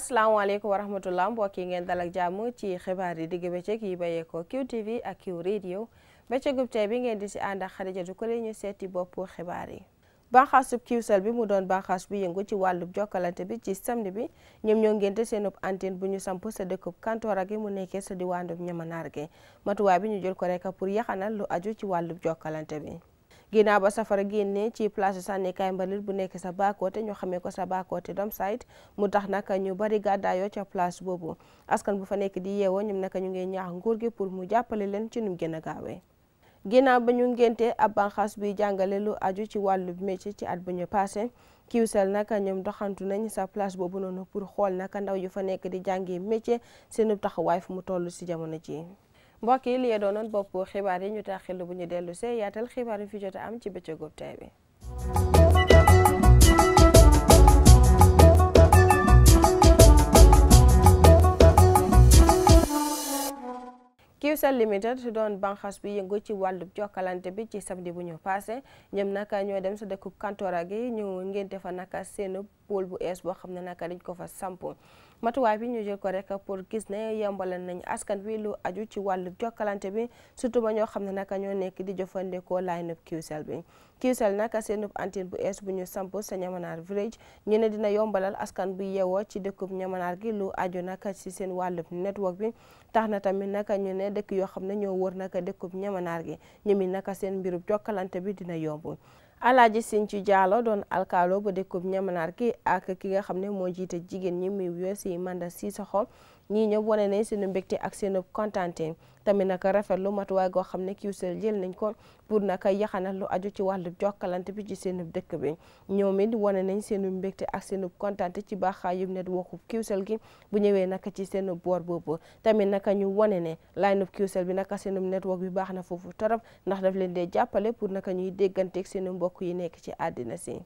asalaamaaleykum wa rahmatullah mbokk yi ngeen dalak jàmm ci xibaar yi digg bëccëg yi bayeekoo QTV a Q radio bëccëgub tey bi ngeen di si ànd ak Xadijatu Kole ñu seeti bopp xibaar yi banxaasub Qcell bi mu doon banxaas bu yëngu ci wàllub jokkalante bi ci samedi bi ñoom ñoo ngénte seenub antenne bu ñu samp sa dëkkub Kantoora gi mu nekkee sa diwaanub Ñamanaar gi matuwaay bi ñu jël ko rek pour yaxanal lu aju ci wàllub jokkalante bi ginnaaw ba safara génne ci place sànnikaay mbalit bu nekk sa baakoote ñu xamee ko sa baakoote dom site mu tax nag ñu bari gàddaayoo ca place boobu askan bu fa nekk di yeewoo ñoom nag ñu ngi ñaax nguur gi pour mu jàppale leen ci num gën a gaawee ba ñu ngénte ab banxaas buy jàngale lu aju ci wàllu métier ci at bu ñu passé kiwsel nag ñoom doxantu nañu sa place boobu noonu pour xool nag ndaw yu fa nekk di jàngi métier seen taxawaay fu mu toll si jamono ji mbokk yi li doonoon bopp xibaar yi ñu taxil bu ñu dellu see yaatal xibaar yi fi jot am ci bëccëgub tey bi. Qcell Limited doon banxaas bi yëngu ci wàllu jokkalante bi ci samedi bu ñu passé ñoom naka ñoo dem sa dëkkub kantoora gi ñu ngénte fa naka seenu pool bu ees boo xam ne naka dañ ko fa sampu. matuwaay bi ñu jël ko rek pour gis ne yombalal nañ askan wi lu aju ci wàllu jokkalante bi surtout ba ñoo xam ne naka ñoo nekk di jëfandikoo line up QCell bi QCell nag seen antenne bu ees bu ñu samp sa Ñamanaar village ñu ne dina yombalal askan bu yeewoo ci dëkkub Ñamanaar gi lu aju nag si seen wàllub network bi tax na tamit naka ñu ne dëkk yoo xam ne ñoo wër naka dëkkub Ñamanaar gi ñoom it seen mbirub jokkalante bi dina yombu Alaaji Sinthiou Diallo doon alkaalo ba dëkkub ñamanaar ki ak ki nga xam ne moo jiite jigéen ñi muy wees yi Manda Sissoco ñii ñëpp wane nañ seenu mbégte ak seenu kontaante tamit naka rafetlu matuwaay goo xam ne QCell jël nañ ko pour naka yaxanal lu aju ci wàllu jokkalante bi ci seenu dëkk bi ñoom it wane nañ seenu mbégte ak seenu kontaante ci baaxaayu network QCell gi bu ñëwee naka ci seenu boor boobu tamit naka ñu wane ne line up QCell bi naka seenu network bi baax na foofu torop ndax daf leen dee jàppale pour naka ñuy dégganteeg seenu mbokk yi nekk ci àddina si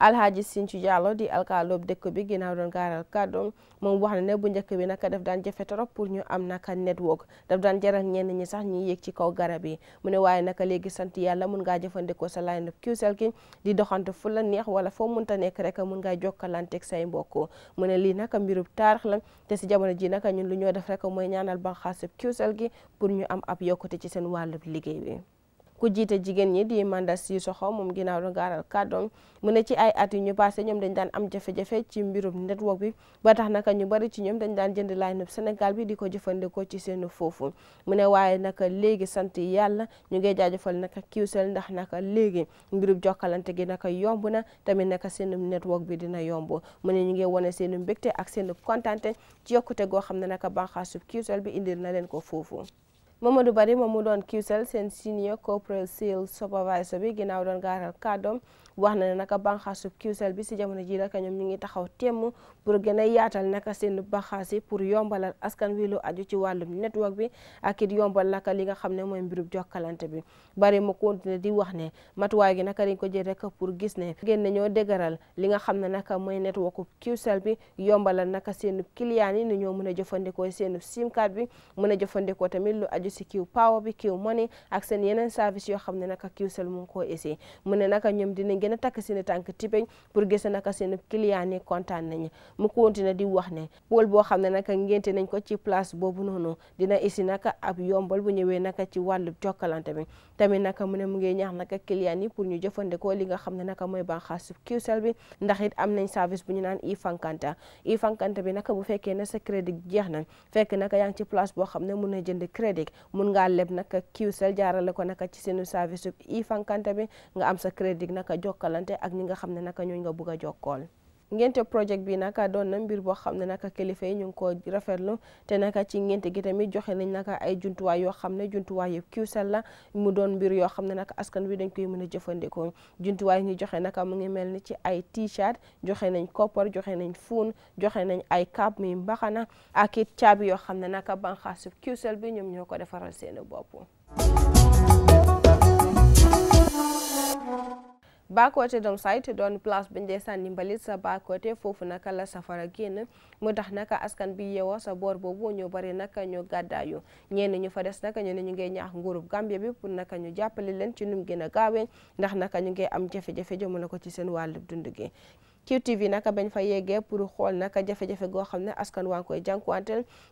alhaaji Sinthiou Diallo di alkaaloob dëkk bi ginnaaw doon gaaral kàddoom moom wax na ne bu njëkk bi naka daf daan jafe trop pour ñu am naka network daf daan jaral ñenn ñi sax ñi yéeg ci kaw garab yi mu ne waaye naka léegi sant yàlla mun ngaa jëfandikoo sa line up QCell gi di doxantu fu la neex wala foo munta nekk rek mun ngaa jokkalanteeg say mbokk mu ne lii naka mbirub taarix la te si jamono ji naka ñun lu ñoo def rek mooy ñaanal banxaasub QCell gi pour ñu am ab yokkute ci seen wàllub liggéey bi ku jiite jigéen ñi di Manda Sissoho moom ginnaaw la gaaral kàddoom mu ne ci ay at yu ñu passé ñoom dañ daan am jafe-jafe ci mbirum network bi ba tax naka ñu bari ci ñoom dañ daan jënd line-up Sénégal bi di ko jëfandikoo ci seenu foofu mu ne waaye naka léegi sant yàlla ñu ngi jaajëfal naka Qcell ndax naka léegi mbirub jokkalante gi naka yomb na tamit naka seenu network bi dina yomb mu ne ñu ngi wane seenu mbégte ak seenu kontante ci yokkute goo xam ne naka banxaasub Qcell bi indil na leen ko foofu ma Mamadou Bari moom mu doon QCell seen senior corporate sales supervisor bi ginnaaw doon gaaral kàddoom wax na ne naka banxaasu QCell bi si jamono ji naka ñoom ñu ngi taxaw temm pour gën a yaatal naka seen banxaas yi pour yombalal askan wi lu aju ci wàllum network bi ak it yombal naka li nga xam ne mooy mbirub jokkalante bi bari mu continué di wax ne matuwaay gi naka dañ ko jël rek pour gis ne gën nañoo dëgëral li nga xam ne naka mooy network QCell bi yombalal naka seen client yi ni ñoo mën a jëfandikoo seen sim bi mën a jëfandikoo tamit lu aju si Q power bi Q money ak seen yeneen service yoo xam ne naka QCell mu ngi koo naka ñoom dinañ gën a takk seen tànk tipeñ pour gis naka seen client yi kontaan nañu mu continué di wax ne pool boo xam ne naka ngénte nañ ko ci place boobu noonu dina isi naka ab yombal bu ñëwee naka ci wàllu jokkalante bi tamit naka mu ne mu ngi ñaax naka client yi pour ñu jëfandikoo li nga xam ne naka mooy banxaasu Qcell bi ndax it am nañ service bu ñu naan e-Fankanta e bi naka bu fekkee ne sa crédit jeex na fekk naka yaa ngi ci place boo xam ne mun na jënd crédit mun ngaa leb naka Qcell jaarale ko naka ci seen service e-Fankanta bi nga am sa crédit naka jokk jokkalante ak ñi nga xam ne naka ñooñ nga bugg a jokkool ngénte projet bi naka doon na mbir boo xam ne naka kilifa yi ñu ngi ko rafetlu te naka ci ngénte gi tamit joxe nañ naka ay jumtuwaay yoo xam ne jumtuwaay yëpp kiwsel la mu doon mbir yoo xam ne naka askan wi dañ koy mën a jëfandikoo yi ñu joxe naka mu ngi mel ni ci ay t-shirt joxe nañ koppar joxe nañ fuun joxe nañ ay kaab muy mbaxana ak it caabi yoo xam ne naka banxaasu kiwsel bi ñoom ñoo ko defaral seeni bopp baakote dong site doon place bi ñu dee sànni mbalit sa baakote foofu naka la safara génn mu tax naka askan bi yeewoo sa boor boobu ñoo bari naka ñoo gàddaayu ñenn ñu fa des naka ñu ne ñu ngi ñaax nguurub Gambia bi pour naka ñu jàppale leen ci num gën a gaawee ndax naka ñu ngi am jafe-jafe jëmale ko ci seen wàllu dund gi QTV naka bañ fa yeggee pour xool naka jafe-jafe goo xam ne askan waa ngi koy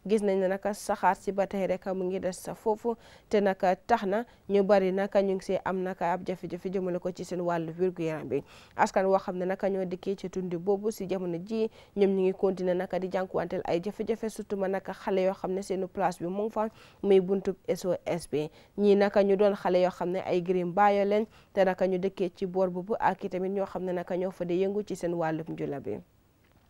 gis nañ ne naka saxaar si ba tey rek mu ngi des sa foofu te naka tax na ñu bari naka ñu ngi see am naka ab jafe-jafe jëmale ko ci seen wàllu wér bi askan woo xam ne naka ñoo dikkee ci tundi boobu si jamono ji ñoom ñu ngi continuer naka di jànkuwanteel ay jafe-jafe surtout ma naka xale yoo xam ne seenu place bi mu fa muy buntu SOS bi ñii naka ñu doon xale yoo xam ne ay Green Bayo leen te naka ñu dëkkee ci boor boobu ak itamit ñoo xam ne naka ñoo fa di yëngu ci seen wàllum njula bi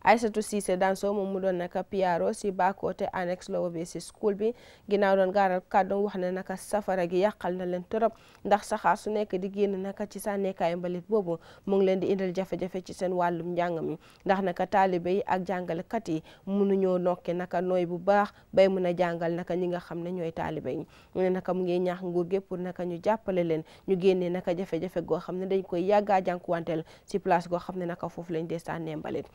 Aysatu Cissé Danso moom mu doon naka PRO si Bakoteh annexe Lower Basin School bi ginnaaw doon gaaral kàddu wax ne naka safara gi yàqal na leen torop ndax saxaar su nekk di génn naka ci sànneekaayu mbalit boobu mu ngi leen di indil jafe-jafe ci seen wàllum njàng mi ndax naka taalibe yi ak jàngalekat yi mënuñoo nokki naka nooy bu baax bay mun a jàngal naka ñi nga xam ne ñooy taalibe yi mu ne naka mu ngi ñaax nguur gi pour naka ñu jàppale leen ñu génnee naka jafe-jafe goo xam ne dañ koy yàggaa jànkuwanteel si place goo xam ne naka foofu lañ dee sànnee mbalit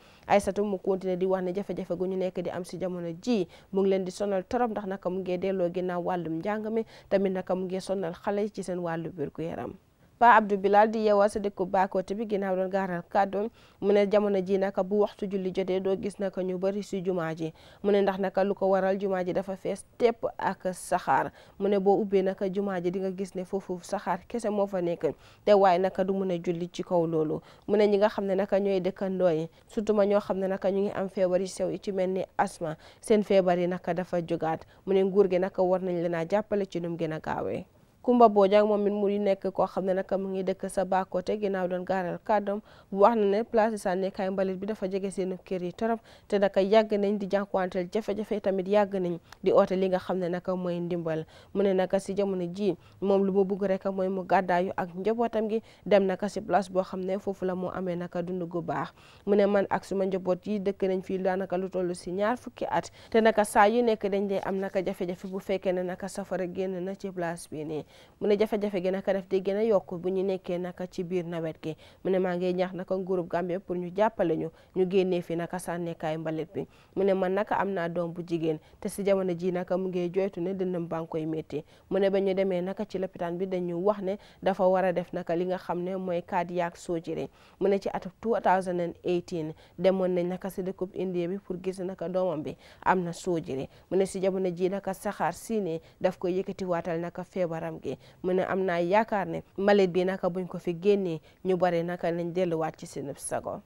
Fatou mu continué di wax ne jafe-jafe gu ñu nekk di am si jamono ji mu ngi leen di sonal torop ndax naka mu ngee delloo ginnaaw wàllum njàng mi tamit naka mu ngee sonal xale ci seen wàllu wér yaram Pa Abdou Bilal di yeewal sa dëkku Bakoteh bi ginnaaw doon gaaral kàddoom mu ne jamono ji naka bu waxtu julli jotee doo gis naka ñu bari si jumaa ji mu ne ndax naka lu ko waral jumaa ji dafa fees tepp ak saxaar mu ne boo ubbee naka jumaa ji di gis ne foofu saxaar kese moo fa nekk te waaye naka du mun a julli ci kaw loolu mu ne ñi nga xam ne naka ñooy dëkkandoo yi surtout ma ñoo xam ne naka ñu ngi am feebar sew yi ci mel ni asma seen feebar yi naka dafa jógaat mu ne nguur gi naka war nañ leen a jàppale ci num gën a gaawee Kumba Bojang moom min mu nekk koo xam ne nag mu ngi dëkk sa baakote ginnaaw doon gaaral kàddoom bu wax na ne place yi sànnikaay mbalit bi dafa jege seen kër yi torop te naka yàgg nañ di jànkuwanteel jafe tamit yàgg nañ di oote li nga xam ne naka mooy ndimbal mu ne naka si jamono ji moom lu mu bugg rek mooy mu gàddaayu ak njabootam gi dem naka si place boo xam ne foofu la moo amee naka dund gu baax mu ne man ak suma njaboot yi dëkk nañ fii daanaka lu toll si ñaar fukki at te naka saa yu nekk dañ dee am naka jafe bu fekkee ne naka safara génn na ci bi nii mu ne jafe-jafe gi naka def di gën a yokk bu ñu nekkee naka ci biir nawet gi mu ne maa ngi ñaax naka nguurub Gambie pour ñu jàppale ñu ñu génnee fi naka sànnekaay mbalit bi mu ne man naka am naa doom bu jigéen te si jamono ji naka mu ngi joytu ne dënnam bankoy métti mu ne ba ñu demee naka ci lopitaan bi dañu wax ne dafa war a def naka li nga xam ne mooy cardiac surgery mu ne ci atum 2018 demoon nañ naka si dëkkub Indie bi pour gis naka doomam bi am na surgery mu ne si jamono ji naka saxaar siine daf ko yëkkati waatal naka feebaram nguur gi mu ne am naa yaakaar ne mbalit bi naka buñ ko fi génnee ñu bari naka nañ delluwaat ci seen sago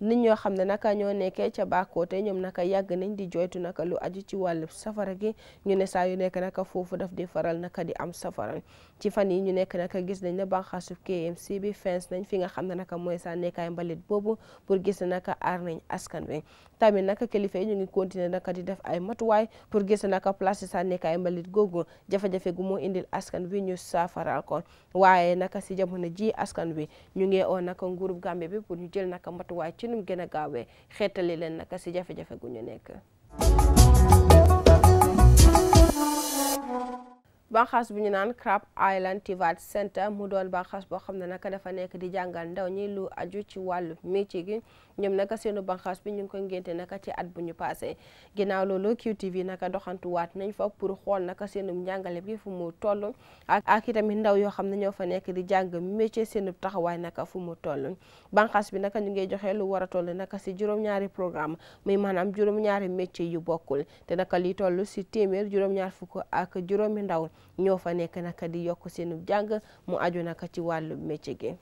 nit ñoo xam ne naka ñoo nekkee ca Bakoteh ñoom naka yàgg nañ di joytu naka lu aju ci wàllu safara gi ñu ne saa yu nekk naka foofu daf di faral naka di am safara ci fan yi ñu nekk nag gis nañ ne banxaasu KMC bi fens nañ fi nga xam ne nag mooy sa nekkaay mbalit boobu pour gis ne nag aar nañ askan wi tamit nag kilifa yi ñu ngi continuer nag di def ay matuwaay pour gis nag place sa nekkaay mbalit googu jafe-jafe gu moo indil askan wi ñu saafaraal ko waaye nag si jamono ji askan wi ñu ngi nag nguurub Gambie bi pour ñu jël nag matuwaay ci nu gën a gaawee xeetali leen nag si jafe-jafe gu ñu nekk banxaas bu ñu naan Crab Island Tivat Centre mu doon banxaas boo xam ne naka dafa nekk di jàngal ndaw ñi lu aju ci wàllu métier gi ñoom naka seenu banqaas bi ñu ngi ko ngénte naka ci at bu ñu passé ginnaaw loolu QTV naka doxantuwaat nañ fa pour xool naka seenum njàngale bi fu mu toll ak ak itamit ndaw yoo xam ne ñoo fa nekk di jàng métier seenub taxawaay naka fu mu toll banqaas bi naka ñu ngi joxee lu war a toll naka si juróom-ñaari programme muy maanaam juróom-ñaari métier yu bokkul te naka li toll si téeméer juróom-ñaar fukk ak juróomi ndaw ñoo fa nekk naka di yokk seenub jàng mu aju naka ci wàllu métier gi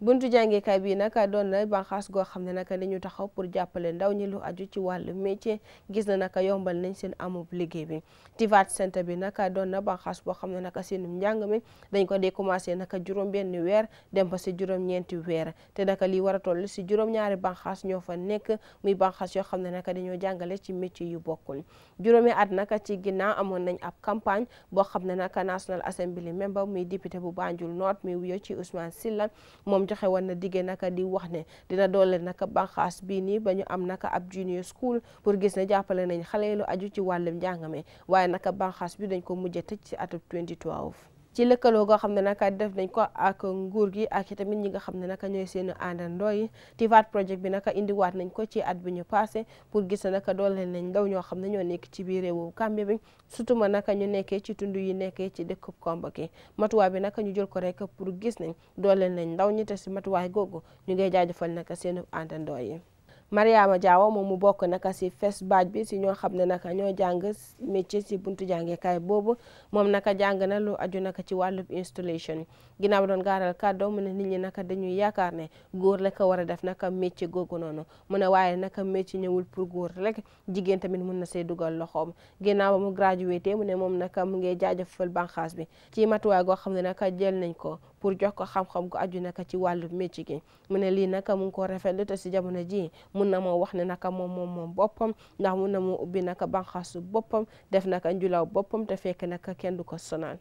buntu jàngekaay bi nag doon na banqaas goo xam ne nag dañu taxaw pour jàppale ndaw ñi lu aju ci wàllu métier gis na nag yombal nañ seen amub liggéey bi Tivaat Centre bi nag doon na banqaas boo xam ne nag seen njàng mi dañ ko dee commencé naka juróom benn weer dem ba si juróom ñeenti weer te nag lii war a toll si juróom ñaari banqaas ñoo fa nekk muy banqaas yoo xam ne nag dañoo jàngale ci métier yu bokkul juróomi at nag ci ginnaaw amoon nañ ab campagne boo xam ne nag National Assembly member muy député bu Banjul North muy wuyoo ci Ousmane Silla moom joxe woon na dige naka di wax ne dina doole naka banqaas bii nii ba ñu am naka ab junior school pour gis ne jàppale nañ xale aju ci wàllum njàngame waaye naka banqaas bi dañ ko mujje tëj ci atum 2012 ci lëkkaloo goo xam ne nag def nañ ko ak nguur gi ak itamit ñi nga xam ne nag ñooy seen àndandoo yi TVAT project bi nag indiwaat nañ ko ci at bi ñu passé pour gis nag doole nañ ndaw ñoo xam ne ñoo nekk ci biir réewu Gambie bi surtout ma nag ñu nekkee ci tund yi nekkee ci dëkk Kombo gi matuwaay bi nag ñu jël ko rek pour gis nañ doole nañ ndaw ñi te si matuwaay googu ñu ngay jaajëfal nag seen àndandoo yi Mariama Diawo moom mu bokk naka si fes baaj bi si ñoo xam ne naka ñoo jàng métier si buntu jàngekaay boobu moom naka jàng na lu aju naka ci wàllub installation ginnaaw doon gaaral kàddoo mu ne nit ñi naka dañuy yaakaar ne góor la ko war a def naka métier googu noonu mu ne waaye naka métier ñëwul pour góor rek jigéen tamit mun na see dugal loxoom ginnaaw ba mu graduate mu ne moom naka mu ngi jaajëfal banqaas bi ci matuwaay goo xam ne naka jël nañ ko pour jox ko xam-xam ko aju naka ci wàllu métier gi mu ne lii naka mu ngi ko rafetlu te si jamono ji mun na moo wax ne naka moom moom moom boppam ndax mun na moo ubbi naka banqaasu boppam def naka njulaw boppam te fekk naka kenn du ko sonal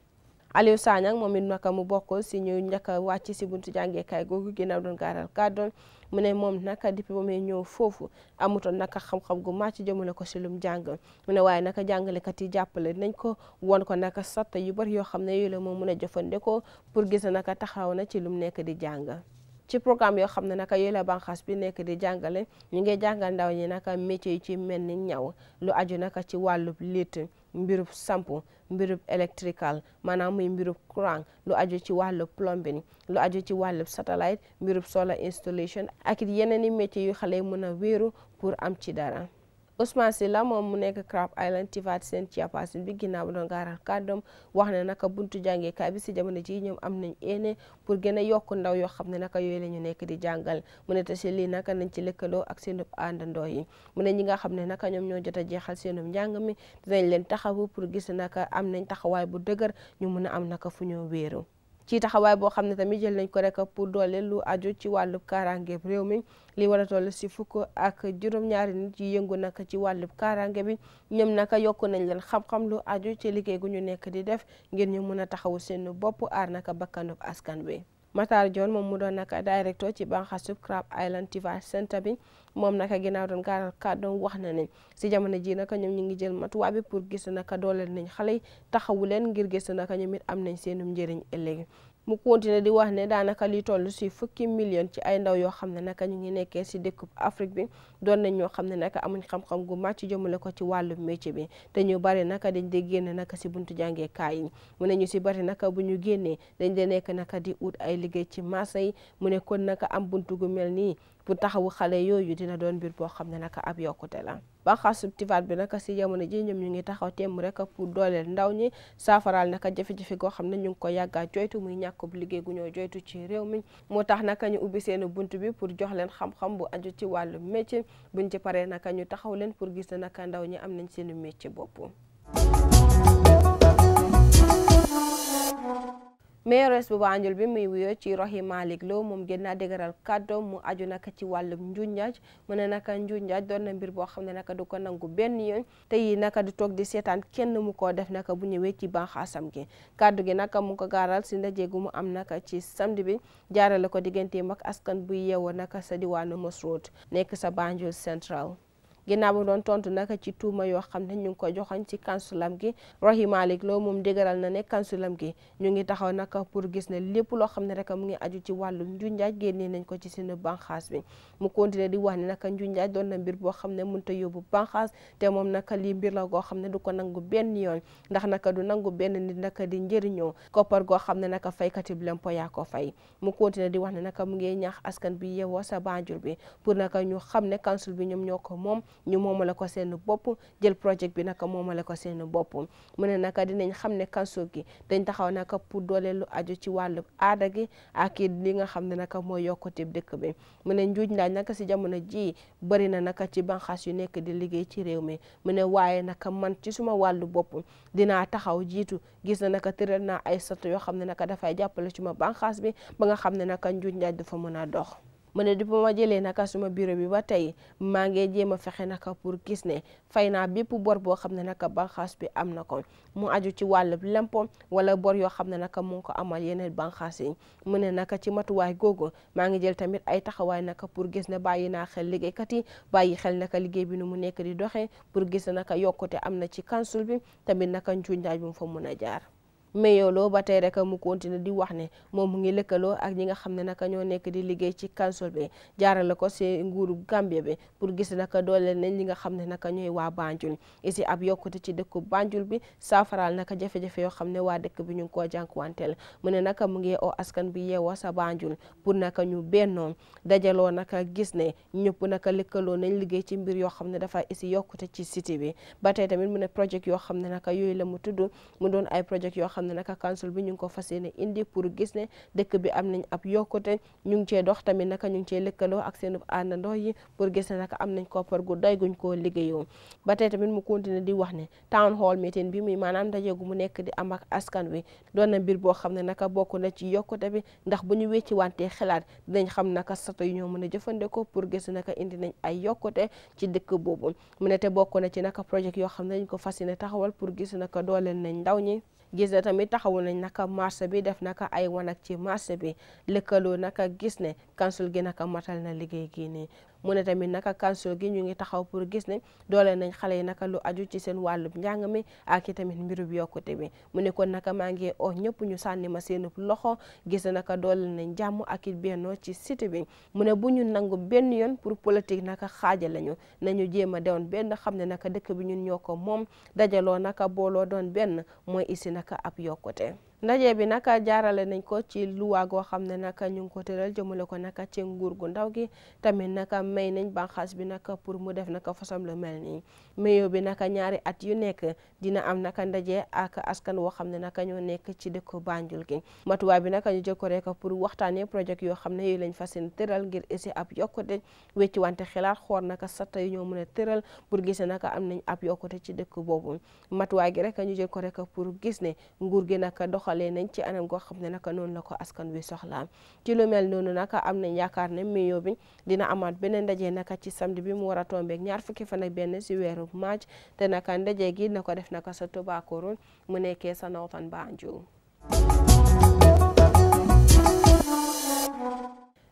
Aliou Sagna moom it naka mu bokk si ñu njëkk wàcc si buntu jàngeekaay googu ginnaaw doon gaaral kàddoon mu ne moom naka depuis ba muy ñëw foofu amutoon naka xam-xam gu màcc jëmale ko si lum jàng mu ne waaye naka jàngalekat yi jàppale nañ ko won ko naka satta yu bari yoo xam ne yooyu la moom mun a jëfandikoo pour gis naka taxaw na ci lum nekk di jàng ci programme yoo xam ne naka yooyu la banqaas bi nekk di jàngale ñu ngi jàngal ndaw ñi naka métier yi ci mel ni ñaw lu aju naka ci wàllub liit mbirub sampu mbirub électrical maanaam muy mbirub courant lu aju ci wàllub plumbing lu aju ci wàllub satellite mbirub solar installation ak it yeneen i métier yu xale yi mën a wéeru pour am ci dara Ousmane Sylla moom mu nekk Crab Island tivaat seen chairperson bi ginnaaw doon gaaral kàddoom wax ne naka buntu jàngeekaay bi si jamono ji ñoom am nañ ene pour gën a yokk ndaw yoo xam ne naka yooyu la ñu nekk di jàngal mu ne te si lii naka nañ ci lëkkaloo ak seen àndandoo yi mu ne ñi nga xam ne naka ñoom ñoo jot a jeexal seenum njàng mi dinañ leen taxawu pour gis naka am nañ taxawaay bu dëgër ñu mun a am naka fu ñoo wéeru ci taxawaay boo xam ne tamit jël nañ ko rek pour doole lu aju ci wàllub kaaraange réew mi li war a toll si fukko ak juróom-ñaari nit yi yëngu nag ci wàllub kaaraange bi ñoom naka yokk nañ leen xam-xam lu aju ci liggéey gu ñu nekk di def ngir ñu mën a taxawu seen bopp aar naka bakkanub askan bi Matar joon moom mu doon naka directeur ci banxaas sub Crab Island Tiva Centre bi moom naka ginnaaw doon gaaral kàddoom wax na ne si jamono ji naka ñoom ñu ngi jël matuwaay bi pour gis ka dooleel nañ xale yi taxawu leen ngir gis ka ñoom it am nañ seenum njëriñ ëllëg mu continué di wax ne daanaka li toll si fukki million ci ay ndaw yoo xam ne naka ñu ngi nekkee si dëkkub Afrique bi doon nañ ñoo xam ne naka amuñ xam-xam gu màcc jëmale ko ci wàllu métier bi te ñu bari naka dañ dee génn naka si buntu jàngeekaay yi mu ne ñu si bari naka bu ñu génnee dañ dee nekk naka di wut ay liggéey ci marché yi mu ne kon naka am buntu gu mel nii bu taxawu xale yooyu dina doon mbir boo xam ne naka ab yokkute la banxaasub tivaat bi naka si jamono ji ñoom ñu ngi taxaw temm rek pour dooleel ndaw ñi saafaraal naka jafe-jafe goo xam ne ñu ngi ko yàggaa joytu muy ñàkkub liggéey gu ñoo joytu ci réew mi moo tax naka ñu ubbi seen bunt bi pour jox leen xam-xam bu aju ci wàllu métier buñ ci paree naka ñu taxaw leen pour gis ne naka ndaw ñi am nañ seen métier bopp mayoress bu Banjul bi muy wuyoo ci roxi Malick Lo moom gën naa dëgëral kàddoom mu aju naka ci wàllum njunjaaj mu ne naka njunjaaj doon na mbir boo xam ne naka du ko nangu benn yoon te naka du toog di seetaan kenn mu ko def naka bu ñëwee ci banxaasam gi kàddu gi naka mu ko gaaral si ndaje mu am naka ci samedi bi jaarale ko digganteem ak askan bu yeewoo naka sa diwaanu Mos Road nekk sa Banjul Central ginnaaw mu doon tontu nag ci tuuma yoo xam ne ñu ngi ko joxoñ ci kansulam gi Rohey Malick Lowe moom dëgëral na ne kansulam gi ñu ngi taxaw nag pour gis ne lépp loo xam ne rek mu ngi aju ci wàllum njunjaaj génnee nañ ko ci seen banxaas bi mu continuer di wax nag njunjaaj doon na mbir boo xam ne mënut a yóbbu te moom nag lii mbir la goo xam ne du ko nangu benn yoon ndax naka du nangu benn nit naka di njëriñoo koppar goo xam ne naka faykati bi lempo yaa ko fay mu continuer di wax ne naka mu ngi ñaax askan bi yeewoo sa Banjul bi pour naka ñu xam ne kansul bi ñoom ñoo ko moom ñu moomale ko seen bopp jël projet bi naka moomale ko seen bopp mu ne naka dinañ xam ne kanso gi dañ taxaw naka pour doole lu aju ci wàllu aada gi ak li nga xam ne naka mooy yokkute dëkk bi mu ne njuuj ndaaj naka si jamono ji bari na naka ci banqaas yu nekk di liggéey ci réew mi mu ne waaye naka man ci suma wàllu bopp dinaa taxaw jiitu gis na naka tëral naa ay soto yoo xam ne naka dafay jàppale ci ma banqaas bi ba nga xam ne naka njuuj ndaaj dafa mën a dox mu ne depuis ma jëlee naka suma bureau bi ba tey maa ngi jéem a fexe naka pour gis ne fay naa bépp bor boo xam ne naka banxaas bi am na ko mu aju ci wàllub lempo wala bor yoo xam ne naka mu ko amal yeneen banxaas yi mu ne naka ci matuwaay googu maa ngi jël tamit ay taxawaay naka pour gis ne bàyyi naa xel liggéeykat yi bàyyi xel naka liggéey bi nu mu nekk di doxee pour gis ne naka yokkute am na ci council bi tamit naka njuñ daaj bu mu fa mun a jaar Mayolo ba tey rek mu continué di wax ne moom mu ngi lëkkaloo ak ñi nga xam ne naka ñoo nekk di liggéey ci council bi jaarale ko si nguuru Gambia bi pour gis naka dooleel nañ ñi nga xam ne naka ñooy waa Banjul isi ab yokkute ci dëkku Banjul bi saafaraal naka jafe-jafe yoo xam ne waa dëkk bi ñu ngi koo jànkuwanteel mu ne naka mu ngi askan bi yeewoo sa Banjul pour naka ñu bennoo dajaloo naka gis ne ñëpp naka lëkkaloo nañ liggéey ci mbir yoo xam ne dafa isi yokkute ci city bi ba tey tamit mu ne projet yoo xam ne naka yooyu la mu tudd mu doon ay projet yoo xam xam ne naka council bi ñu ngi ko fas yéene indi pour gis ne dëkk bi am nañ ab yokkute ñu ngi cee dox tamit naka ñu ngi cee lëkkaloo ak seen àndandoo yi pour gis ne naka am nañ koppar gu doy guñ koo liggéeyoo ba tey tamit mu continué di wax ne town hall meeting bi muy maanaam ndaje mu nekk di am askan wi doon na mbir boo xam ne naka bokk na ci yokkute bi ndax bu ñu ci wantee xalaat dinañ xam naka sato yi ñoo mën a jëfandikoo pour gis naka indi nañ ay yokkute ci dëkk boobu mu ne te bokk na ci naka projet yoo xam ne dañ ko fas ne taxawal pour gis naka dooleel nañ ndaw ñi gis ne tamit taxawu nañ naka marché bi def naka ay wanag ci marché bi lëkkaloo naka gis ne council gi naka matal na liggéey gi mu ne tamit naka kanso gi ñu ngi taxaw pour gis ni doole nañ xale yi naka lu aju ci seen wàllub njàng mi ak i tamit mbirub yokkute bi mu ne kon naka maa ngi oo ñëpp ñu sànni ma seenub loxo gis ne naka doole nañ jàmm ak it bennoo ci cité bi mu ne bu ñu nangu benn yoon pour politique naka xaaja lañu nañu jéem a dewoon benn xam ne naka dëkk bi ñun ñoo ko moom dajaloo naka booloo doon benn mooy isi naka ab yokkute ndaje bi nag jaarale nañ ko ci luwaa goo xam ne nag ñu ngi ko tëral jëmale ko nag ci nguur gu ndaw gi tamit nag may nañ bànqaas bi nag pour mu def nag façon lu mel nii mayo bi nag ñaari at yu nekk dina am nag ndaje ak askan woo xam ne nag ñoo nekk ci dëkku Banjul gi matuwaay bi nag ñu jël ko rek pour waxtaanee projet yoo xam ne yooyu lañ fas yéene tëral ngir essayer ab yokkute wecci wante xalaat xool nag satta yu ñoo mën a tëral pour gis ne nag am nañ ab yokkute ci dëkk boobu matuwaay gi rek ñu jël ko rek pour gis ne nguur gi nag doxal doxalee nañ ci anam goo xam ne naka noonu la ko askan wi soxlaam ci lu mel noonu naka am nañ yaakaar ne mayo bi dina amaat beneen ndaje naka ci samedi bi mu war a tombeeg ñaar fukki fan ak benn si weeru maj te naka ndaje gi na ko def naka sa Tobacco Road mu nekkee sa Northern Banjul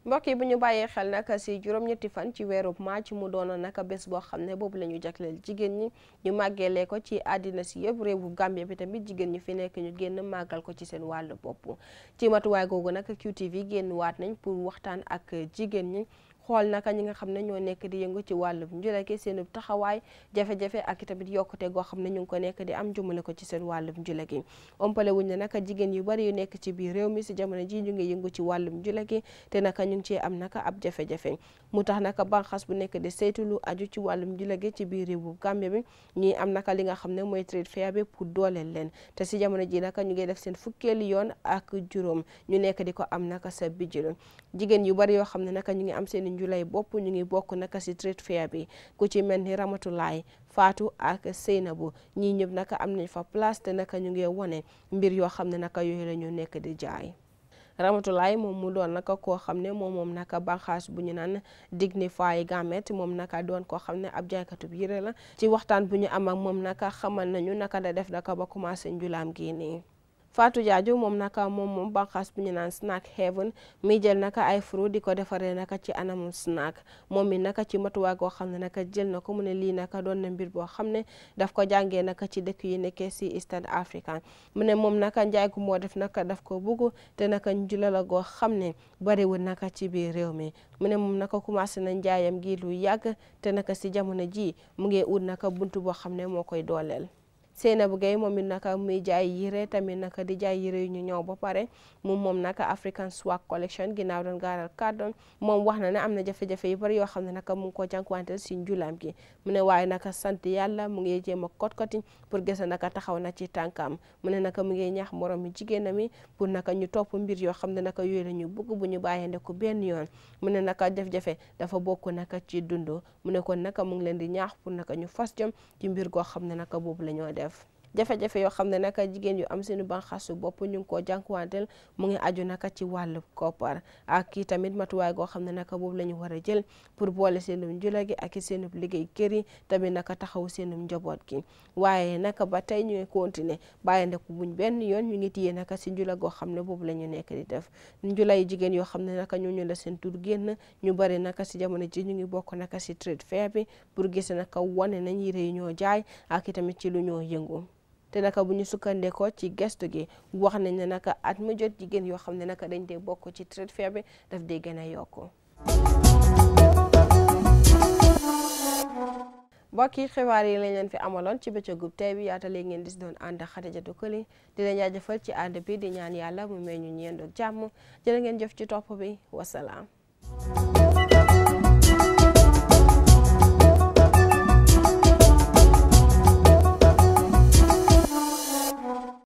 mbokk yi bu ñu bàyyee xel nag si juróom-ñetti fan ci weeru maac mu doon a doona a bés boo xam ne boobu la ñu jagleel jigéen ñi ñu màggelee ko ci àddina si yëpp réewu Gambie bi tamit jigéen ñi fi nekk ñu génn màggal ko ci seen wàllu bopp ci matuwaay googu nag QTV génn waat nañ pour waxtaan ak jigéen ñi xool naka ñi nga xam ne ñoo nekk di yëngu ci wàllu njuleke seenub taxawaay jafe-jafe ak itamit yokkute goo xam ne ñu ngi ko nekk di am jëmale ko ci seen wàllum njule gi ompale wuñ ne naka jigéen yu bari yu nekk ci biir réew mi si jamono ji ñu ngi yëngu ci wàllum njule gi te naka ñu ngi cee am naka ab jafe-jafe mu tax naka banxas bu nekk de saytu lu aju ci wàllum jula ge ci biir réew bu Gambie bi ñuy am naka li nga xam ne mooy trade fair bi pour dooleel leen te si jamono ji naka ñu ngi def seen fukkeeli yoon ak juróom ñu nekk di ko am naka sa bijjil jigéen yu bari yoo xam ne naka ñu ngi am seen njulay bopp ñu ngi bokk naka si trade fair bi ku ci mel ni Ramatulaay Faatu ak bo ñii ñëpp naka am nañ fa place naka ñu ngi wone mbir yoo xam ne naka yooyu la ñu nekk di jaay Ramatulaay moom mu doon naka koo xam ne moom moom naka banxaas bu ñu naan Dignify Garment moom naka doon koo xam ne ab jaaykatub yére la ci waxtaan bu ñu am moom naka xamal nañu naka la def naka ba commencé njulaam gi nii Fatou Jaaju moom naka moom moom banqaas bu ñu naan snack heaven mi jël naka ay fruit di ko defaree naka ci anamu snack moom mi naka ci matuwaay goo xam ne naka jël na ko mu ne lii naka doon na mbir boo xam ne daf ko jàngee naka ci dëkk yi nekkee si Eastern Africa mu ne moom naka njaay gu moo def naka daf ko bugg te naka njula la goo xam ne bariwul naka ci biir réew mi mu ne moom naka commencé na njaayam gi lu yàgg te naka si jamono ji mu ngi ut naka buntu boo xam ne moo koy dooleel Seynabou Gaye moom it naka muy jaay yére tamit naka di jaay yére yu ñu ñëw ba pare moom moom naka African Swag Collection ginnaaw doon gaaral kàddoon moom wax na ne am na jafe-jafe yu bari yoo xam ne naka mu ngi ko jànkuwanteel si njulaam gi mu ne waaye naka sant yàlla mu ngi jéem a kotkoti pour gësa naka taxaw na ci tànkam mu ne naka mu ngi ñaax moroom yi jigéenam yi pour naka ñu topp mbir yoo xam ne naka yooyu la ñu bëgg bu ñu bàyyee ku benn yoon mu ne naka jafe-jafe dafa bokk naka ci dund mu ne kon naka mu ngi leen di ñaax pour naka ñu fas jom ci mbir goo xam ne naka boobu la ñoo def def jafe-jafe yoo xam ne naka jigéen yu am seenu banxaasu bopp ñu ngi koo jànkuwanteel mu ngi aju naka ci wàllu koppar ak kii tamit matuwaay goo xam ne naka boobu la ñu war a jël pour boole seenum njula gi ak seenub liggéey kër yi tamit naka taxaw seenum njaboot gi waaye naka ba tey ñu ngi continuer bàyyi ndeku buñ benn yoon ñu ngi téye naka si njula goo xam ne boobu la ñu nekk di def julay jigéen yoo xam ne naka ñooñu la seen tur génn ñu bari naka si jamono ji ñu ngi bokk naka si trade fair bi pour gis naka wane nañ yére yi ñoo jaay ak itamit ci lu ñoo yëngu te naka bu ñu sukkandekoo ci gestu gi wax nañ ne naka at mu jot jigéen yoo xam ne naka dañ dee bokk ci trade fair bi daf dee gën a yokk mbokk yi xibaar yi lañ leen fi amaloon ci bëccëgub tey bi yaata léegi ngeen dis doon ànd ak Xadijatu Koli di leen jaajëfal ci ànd bi di ñaan yàlla mu may ñu ñeendoog jàmm jërë ngeen jëf ci topp bi wasalaam